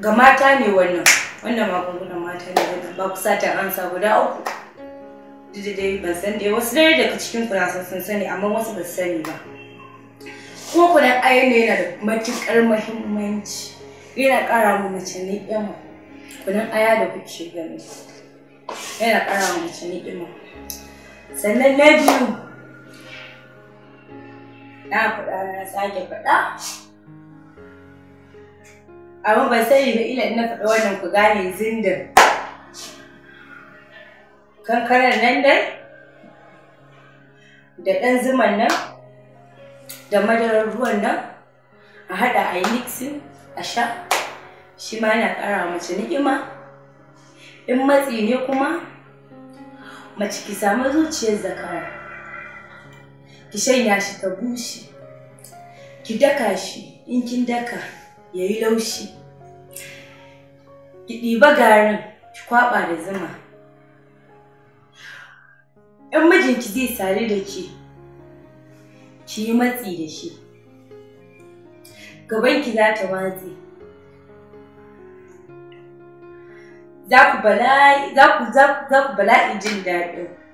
ga mata ne wannan wannan magungunan mata ne wannan ba ku satan ansa guda uku duk dai ban san dai wasu dai daga cikin ku sun sani amma wasu ba sani ba ko kudan ayan ne yana da matuƙar muhimmanci yana ƙara mu mace ni'ima kudan aya da kuke gani yana ƙara mu mace ni'ima sannan na biyu na faɗa na sake faɗa amma ban sani ba ila ina faɗi wannan ku gane zindin kankarar nan dai da ɗan zuman nan da madarar ruwan nan a haɗa a yi mixin a sha shi ma yana ƙara mace ni'ima in matsi ne kuma mace ki samu zuciyar zakara ki shanya shi ta bushe ki daka shi in kin daka yayi laushi ki ɗiba garin ki kwaɓa da zuma in mijinki zai sari da ke ki yi matsi da shi gabanki za ta watse za ku bala'i jin daɗin